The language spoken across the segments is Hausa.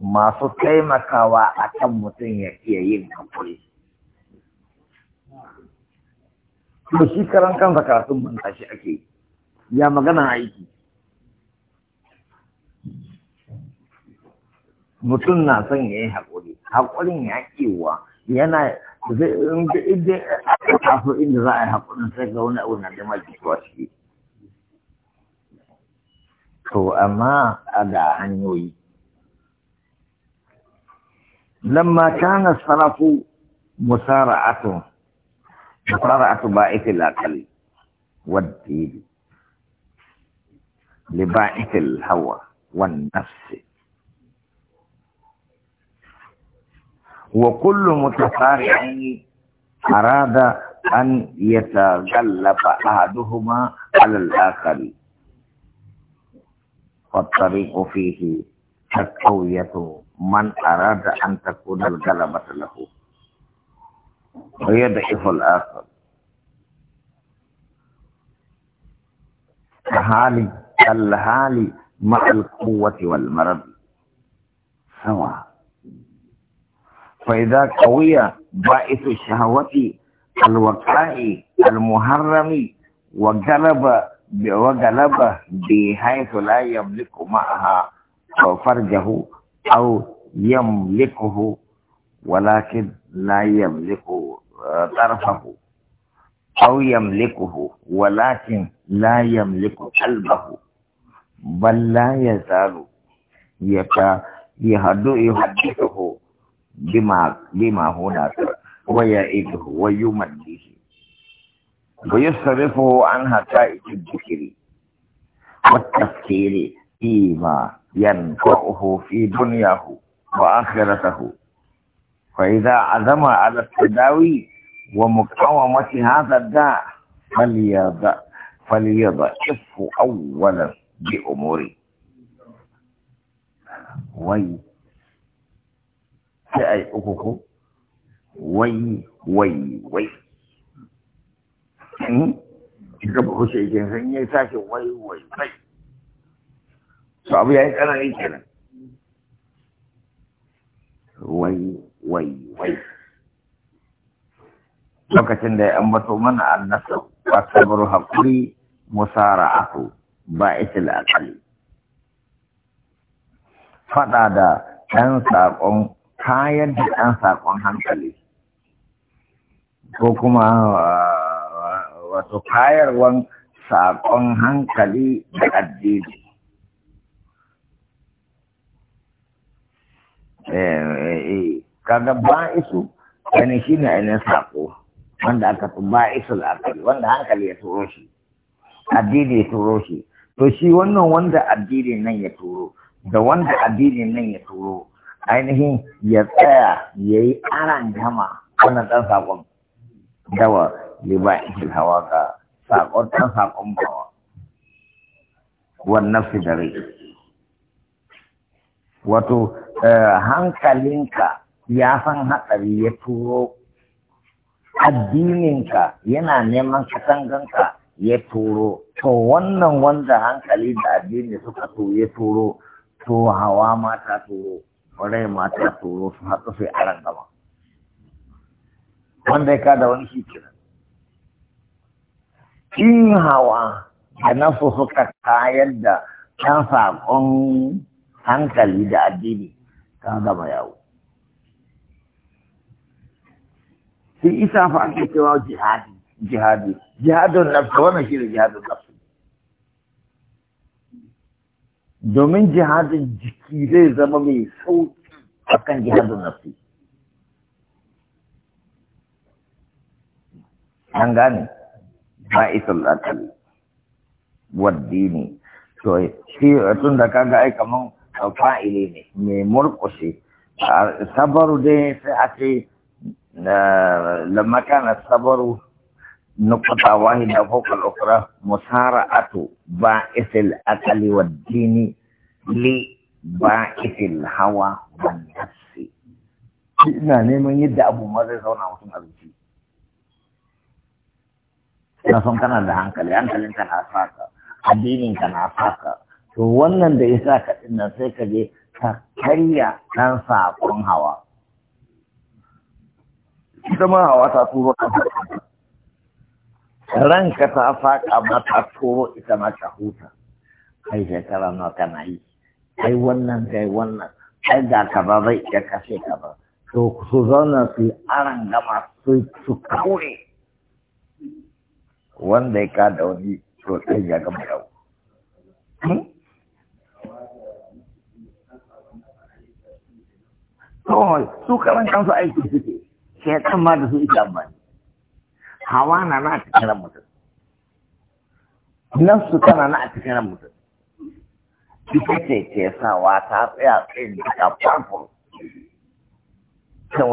masu taimakawa a kan mutum ya iya yin kafuri. To shi karan kansa karatun manta shi ake ya magana aiki. Mutum na son ya yi haƙuri, haƙurin ya kewa yana inda aka inda za a yi haƙurin sai ga wani abu na da majikuwa shi. To amma a da hanyoyi. لما كان السلف مسارعة مسارعة باعث الأقل والدين لباعث الهوى والنفس وكل متسارع أراد أن يتغلب أحدهما على الآخر فالطريق فيه التقوية من أراد أن تكون الغلبة له ويضعف الآخر تهالي الهالي مع القوة والمرض سواء فإذا قوي بائس الشهوة الوقائي المحرم وغلب وغلب بحيث لا يملك معها فرجه أو يملكه ولكن لا يملك آه، طرفه أو يملكه ولكن لا يملك قلبه بل لا يزال يتا يحدثه بما بما هناك ويعيده ويمديه ويصرفه عن حقائق الذكر والتفكير فيما ينفعه في دنياه وآخرته فإذا عزم على التداوي ومقاومة هذا الداء فليضع فليضعف أولا بأموره وي sai uku wai wai wai kika ba ke san yayi sake wai wai wai abu yayi kana yake kenan. wai wai wai lokacin da ya ambato mana annasa hakuri haƙuri aku ba isil akali fada da ɗan saƙon kayan da ɗan saƙon hankali ko kuma wato kayarwan saƙon hankali da addini Eh, eh, eh, kaga ba'isu wani shi ne ainihin saƙo wanda aka fi ba'isu al'akali wanda hankali ya turo shi addini ya turo shi to shi wannan wanda addini nan ya turo da wanda addini nan ya turo ainihin ya tsaya ya yi aran jama, wannan ɗan saƙon dawa liba'isul hawa ga saƙon ɗan saƙon bawa wannan fi wato eh, hankalinka ya san hatsari ya turo addininka yana neman katanganka ya turo to wannan wanda hankali da addini suka to ya turo to hawa mata turo rai mata turo su haɗu sai a wanda ya kada wani shi in hawa da nasu suka kayar da ɗan saƙon hankali da addini ka gama yawo shi isa fa ake cewa jihadi jihadi jihadun nafsa wannan shi ne jihadun nafsa domin jihadin jiki zai zama mai sauki kan jihadun nafsi an gane ba isul akali waddini so, shi tun da kaga aika kaman fa'ili ne mai murƙushe sabaru dai sai a ce lamakana sabaru nukuta wahida fokal ato musara'atu ba'isil akali wa dini li ba'isil hawa wa nafsi ina neman yadda abu ma zai zauna mutum a zuci na son kana da hankali hankalinka na saka addinin ka na saka to wannan da ya sa ka dinnan sai ka je ka karya ɗan saƙon hawa ita ma hawa ta turo ranka ta faƙa ma ta turo ita ma ta huta kai shekara nawa kana yi ai wannan kai wannan ai da ka ba zai iya kashe ka ba to su zauna su yi aran gama su su kaure wanda ya kada wani to sai ya gama yau kawai su karan kansu aiki suke shaitan ma da su ita hawa na na a cikin ran mutum nafsu tana na a cikin ran mutum cece ce ke sawa ta tsaya tsayin daga farko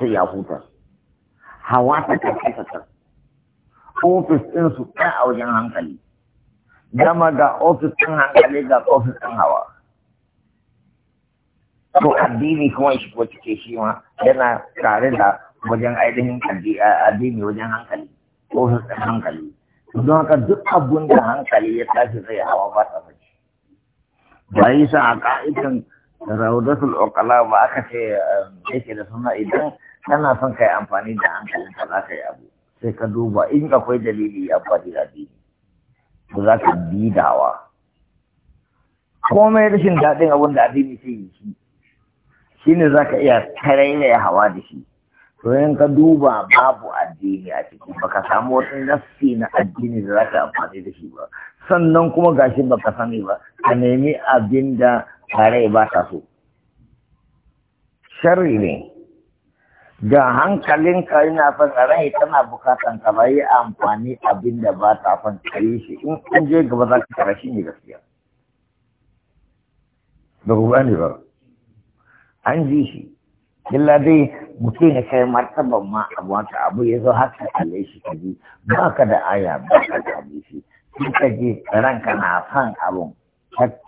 sai ya huta hawa ta karkata ta ofis ɗinsu ɗan a wajen hankali gama ga ofis ɗin hankali ga ofis ɗin hawa ko addini kuma shi ko cike shi ma yana tare da wajen ainihin addini wajen hankali ko hankali don haka duk abun da hankali ya tashi zai hawa ba ta bace ba yi sa a ka'idan raudatul okala ba aka ce eh, yake da suna idan kana son kai amfani da hankalin ka za ka yi abu sai ka duba in akwai dalili fadi da addini ba za ka bidawa komai rashin daɗin abun da addini sai yi shi shi ne za ka iya tarairaya hawa da shi to yin ka duba babu addini a ciki baka samu wata nassi na addini da za ka amfani da shi ba sannan kuma gashi baka sani ba ka nemi abin da tare ba ta so sharri ne da hankalinka yana son rai tana bukatan ka yi amfani abin da ba ta kare shi in kun je gaba za ka kare shi ne gaskiya ba ku gane ba an ji shi illa dai mutum ya kai martaban ma a wata abu ya zo haka kalle shi ka ji ba ka da aya ba ka da abinci sai ka ji ranka na fan abun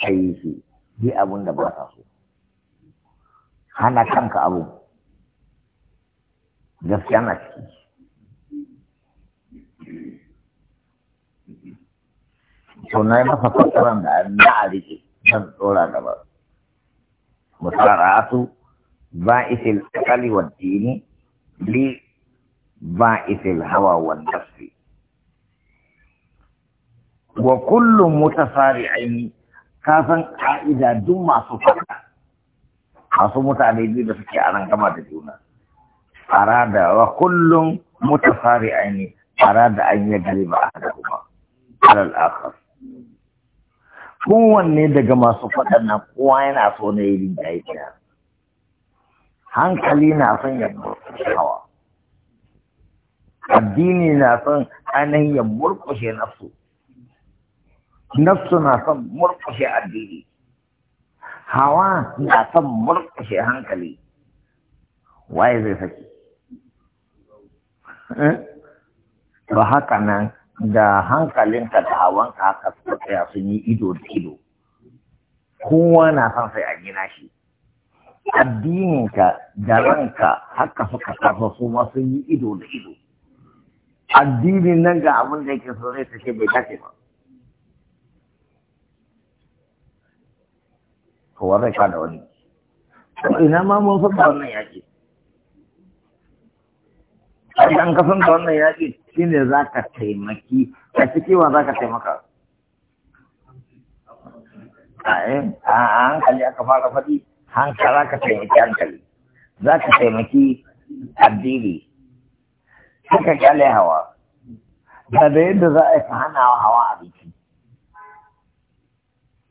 ka yi shi ji abun da ba ka so hana kanka abu gaskiya na ciki sau na yi masa fasaran da na a rike zan tsora gaba مصارعات باعث akali والدين dini الهوى والنفس وكل wa nafsi wa kullu mutasari'in ka duk masu masu mutane biyu da suke anan gama da juna da wa kullum ara da an yagriba ahaduhuma alal akhar kowanne daga masu faɗan na kowa yana so na yi rinjaye ɗaya hankali na son ya hawa addini na son ainihin ya murkushe nafsu nafsu na son murkushe addini hawa na son murkushe hankali waye zai saki eh? ba haka nan da hankalinka da hawanka haka suka tsaya sun yi ido da ido kowa na son sai a gina shi addininka da ranka haka suka tafa su ma sun yi ido da ido addinin nan ga abin da yake so zai tashi bai dace ba kowa zai kada wani ina ma mun fi wannan yaki a idan ka san da wannan yaƙi shi ne za ka taimaki a ciki wa za ka taimaka a eh, hankali aka fara faɗi hankala ka taimaki hankali za ka taimaki addini suka kyale hawa da da yadda za a yi ka hana wa hawa abinci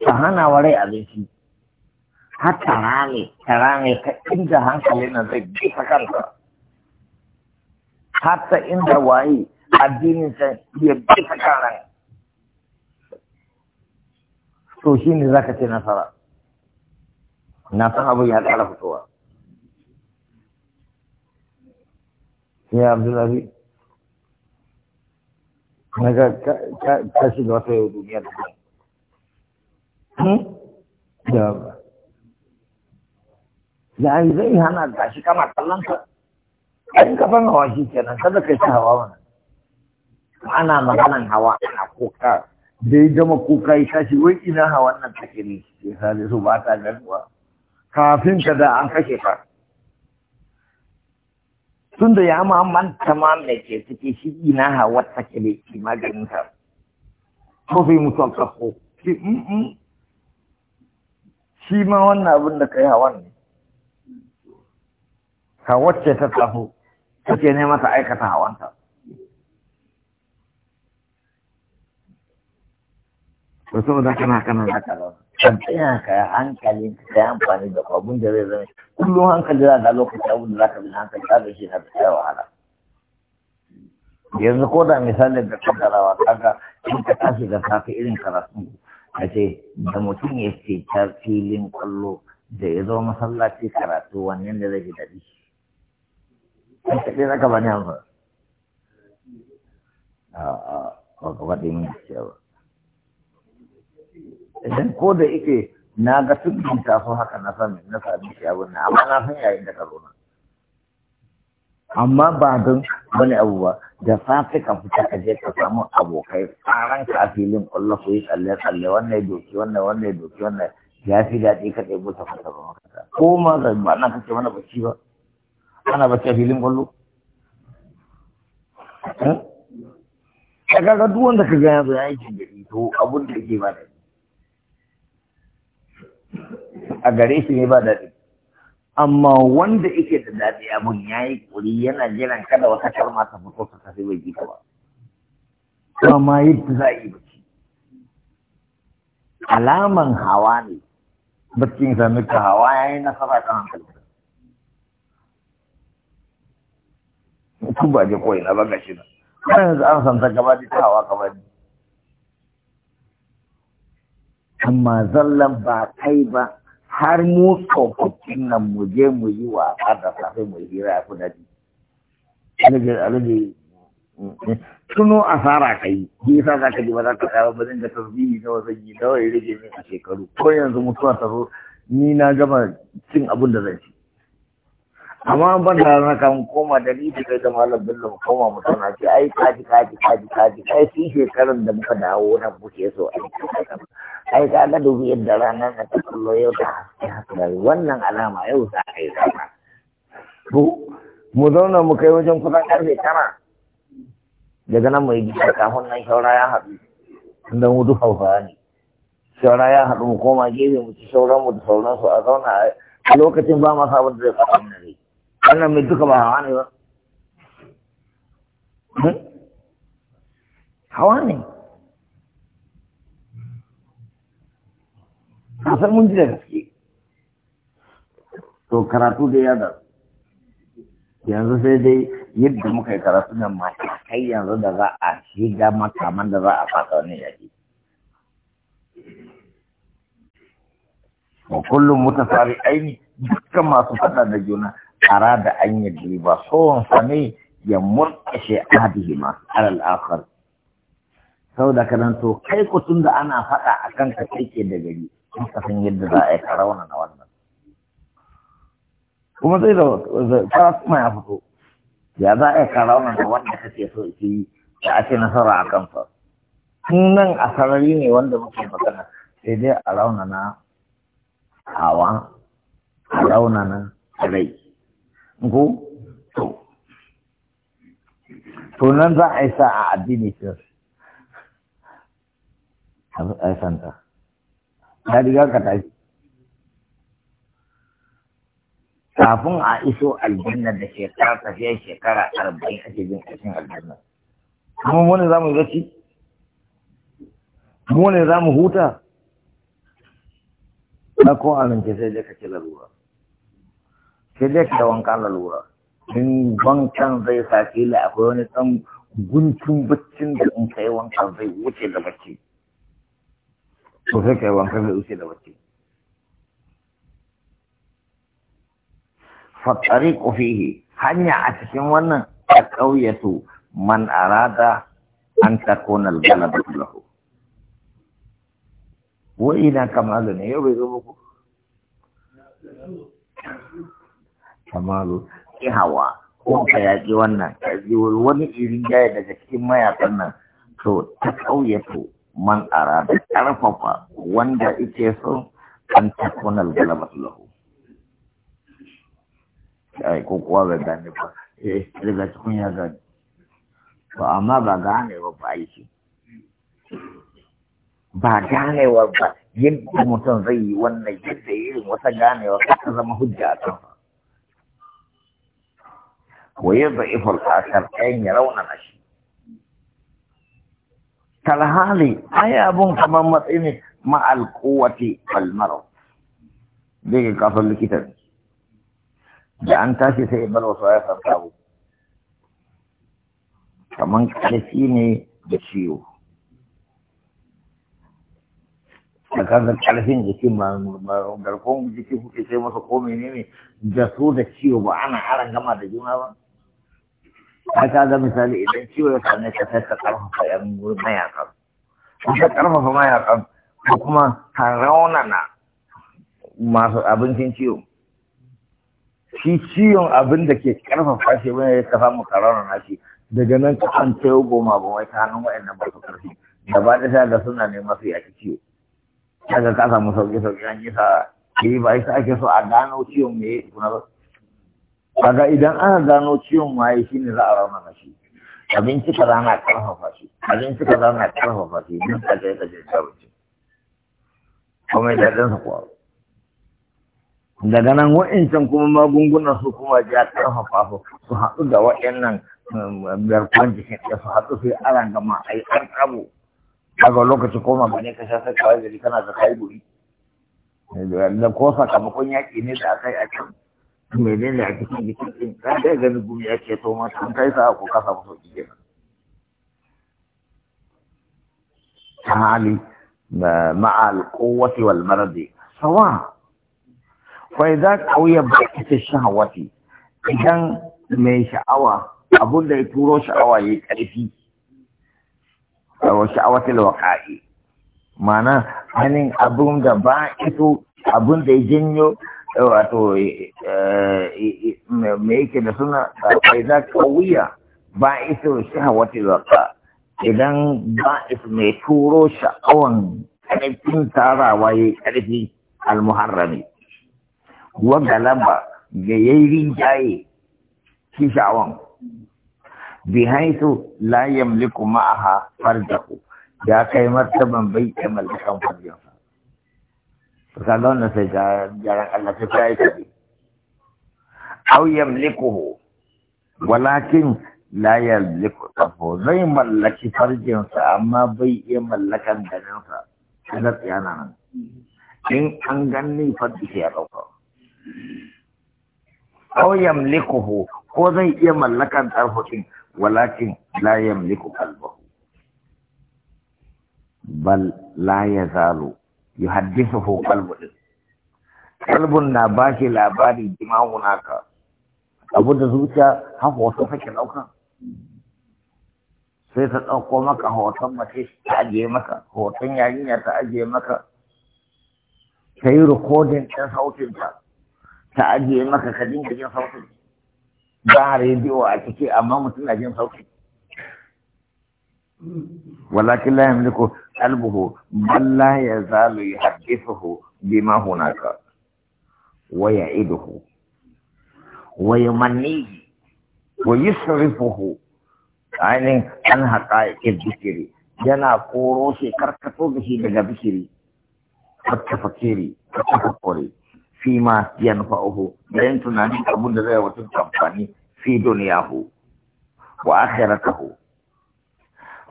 ka hana wa rai abinci har tara ne tara ne ta inda hankali na zai gefa kanta. hatta inda waye addinin ya bi ta tsakanin to shi ne zaka ce nasara na san abin ya ƙara fitowa ya abdullahi naga ga ka shiga wata yau duniya da da Ya da zai hana gashi kama kallon ka a in kafan hawa shi kenan kada kai ta hawa mana ana maganan hawa ana kuka da ya gama kuka ya tashi wai ina hawa nan take ne ke sale su ba ta ganuwa kafin ka da an kashe ka tun da ya ma manta ma mai ke suke shi ina hawa take ne ki maganin ta ko bai mutu a kafo mm, mm. shi ma wannan abin da kai hawa ne ka wacce ta taho take ne masa aikata hawanta to saboda kana kana haka ba kan tsaya ka hankali ka yi amfani da abun da zai zama kullum hankali za ka lokaci abun da za ka bi hankali za ka shi na wa wahala yanzu ko da misalin da ta ga in ka tashi da safe irin karatu a ce da mutum ya ce ta filin kwallo da ya zo masallaci karatu wannan da zai daɗi kai kaɗai za bani amsa a'a ba ka faɗi min gaskiya ba idan ko da ike na ga tuddin so haka na sami na sami shi abin na amma na san yayin da karo amma ba don wani abu ba da safe ka fita ka je ka samu abokai tsaran ka a filin kwallo ko yi tsalle tsalle wannan ya doki wannan wannan ya doki wannan ya fi daɗi ka ɗaya mutu ka taɓa makasa ko ma ba na kake mana bacci ba ana bacci a filin kwallo eh? ya kaga duk wanda ka gaya zo ya yi jingiri to abun da yake ba da a gare shi ne ba daɗi amma wanda yake da daɗi abun ya yi ƙuri yana jiran kada wata kalma ta fito ta tafi bai jika ba ba ma yadda za a yi bacci alaman hawa ne bakin sami ka hawa ya yi nasara kan hankali mutum ba je koyi na ba na an san ta gaba da ta amma zallan ba kai ba har mu tsofaffin nan mu je mu yi wasa da safe mu hira ya fi daɗi alibi tuno asara ka yi shi yasa za ka ji ba za ka tsaya ba zan ga tasbihi na wasan yi nawa wai rage min a shekaru ko yanzu mutuwa ta zo ni na gama cin abin da zan ci amma ban da na kan koma da ni da malam bello mu koma mu tana ce ai kaji kaji kaji kaji ai shi shekaran da muka dawo na buke so ai ai ka ga dubi yadda ranar na ta kallo yau ta haske wannan alama yau za a yi rana to mu zauna mu kai wajen kusan karfe tara daga nan mu yi gida kafin nan shaura ya haɗu tunda mu duk hausawa ne shaura ya haɗu mu koma gefe mu ci shauran mu da sauransu a zauna a lokacin ba ma sabon da zai faɗa mana wannan mai duka ba hawa ne ba hmm? hawa ne kasar mun ji da gaske to karatu da yada yanzu sai dai yadda muka yi karatu nan kai yanzu da za a shiga makaman da za a fata wani yaki wa kullum mutafari aini dukkan masu fada da juna da an riba, so ne ya murƙashe adihima alal akhar sau da karanto kai kutun da ana faɗa a kan ka kai ke da gari in ka san yadda za a yi ka rauna na wannan kuma zai da fara kuma ya fito ya za a yi ka rauna na wanda kake so ke yi da ake nasara a kansa tun nan a sarari ne wanda muke magana sai dai a rauna na hawa a rauna na rai ko to to nan za a yi sa a addini fiyar a yi santa ya riga ka tafi kafin a iso aljanna da shekara fiye shekara arba'in ake jin ƙarshen aljanna kuma mu ne za mu yi bacci mu ne za mu huta na ko amince sai dai ka ci larura sai dai ka wanka lalura in bankan zai sa kila akwai wani tsan guntun baccin da in kai wanka zai wuce da bacci to sai kai wanka zai wuce da bacci fattari fihi hanya a cikin wannan a ƙauyatu man arada an takona algalaba lahu wa ina kamalu ne yau bai zo muku kamalu ki hawa ko ka yaƙi wannan wani irin gaya daga cikin mayakan nan to ta to man ara da ƙarfafa wanda ike so an takunan galabat lahu ai ko kuwa bai gane ba eh daga cikin ya gane to amma ba gane ba ba aiki ba ganewar ba yadda mutum zai yi wannan yadda irin wata ganewa ta zama hujja a kanfa wa yadha'ifu al-akhar ya raunana shi kalhali ai abun kamar matsayi ne ma'al kuwati falmaro zai ga kafin likitan da an tashi sai bar wasu ya farka kamar ƙarfi ne da ciwo da kansa karfin jikin garkon jiki kuke sai masa ko ne da su da ciwo ba ana aran gama da juna ba a ta ga misali idan ciwo ya same ka sai ka karfafa yan mayakan in ka karfafa mayakan ko kuma ka raunana masu abincin ciwo shi ciwon abin da ke karfafa shi wani ya kafa mu ka raunana shi daga nan ka an tayo goma ba wai ta hannun wa'annan ba su karfi gaba da suna neman su yaki ciwo kaga ka samu sauki sauki an yi sa yi eh, ba sa ake so a gano ciwon me kuna ba kaga idan aka gano ciwon waye shine za a rauna shi abinci ka rana karfafa shi abinci ka rana karfafa shi duk da kai ka je ka wuce kuma da dan kuwa daga nan wa'ancan kuma magungunan su kuma ji a karfafa su su haɗu da wa'annan um, garkuwan jikin su haɗu su yi aran gama a yi an abu kaga lokaci ko ba ne ka sha sai kawai gari kana ka kai guri da ko sakamakon yaki ne da aka yi a can mene ne a cikin jikin ɗin kan da gani gumi ya ce to mata an kai sa ko kasa musu jike hali ma'al kowati wal maradi sawa fa idza qawiya baqita shahawati idan mai sha'awa abun da ya turo sha'awa yayi karfi wa sha'awatul waqa'i ma'ana hannun abun da ba ito abun da ya janyo eh, wato eh, me yake da suna ka wuya ba ito sha'awatul waqa idan ba ito mai turo sha'awan karfin tarawa ya yi karfi almuharrami wa galaba ga yayi rinjaye shi sha'awan bihaitu la yamliku ma'aha farjahu ya kai martaban bai ya mallakan farjin sa ka ga wannan sai ga jaran Allah ta kai ta aw yamlikuhu walakin la yamliku tafu zai mallaki farjin sa amma bai iya mallakan ganin sa kada tsayana nan in an ganni farji ya dauka aw yamlikuhu ko zai iya mallakan tarhutin walakin la yamliku qalbahu bal la yazalu yuhaddithuhu qalbu qalbun na bashi labari dimahu naka abu da zuciya haka wasu fake dauka sai ta ɗauko maka hoton mace ta ajiye maka hoton yarinya ta ajiye maka ta yi rikodin ɗin sautinta ta ajiye maka ka dinga jin sautin ba rediyo a ciki amma mutum na jin sauki walakin la yamliku qalbuhu bal la yazalu yuhaddithuhu bima hunaka wa ya'iduhu wa yumannihi wa yusrifuhu ainin an haqa'iqil bikiri? yana koro shi karkato da shi daga bikiri ta tafakiri ta fima fa’uhu, da yin tunanin abin da zai wata amfani fi hu, wa akhiratahu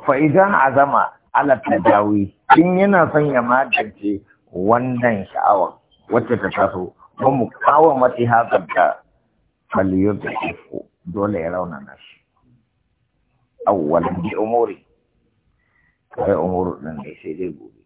fa idan azama ala tadawi in yana son ya magance wannan sha'awa wacce ta taso ba mu kawo mati hakan ta faliyar da dole ya rauna na shi awwalan bi umuri kai umuru din ne sai dai gobe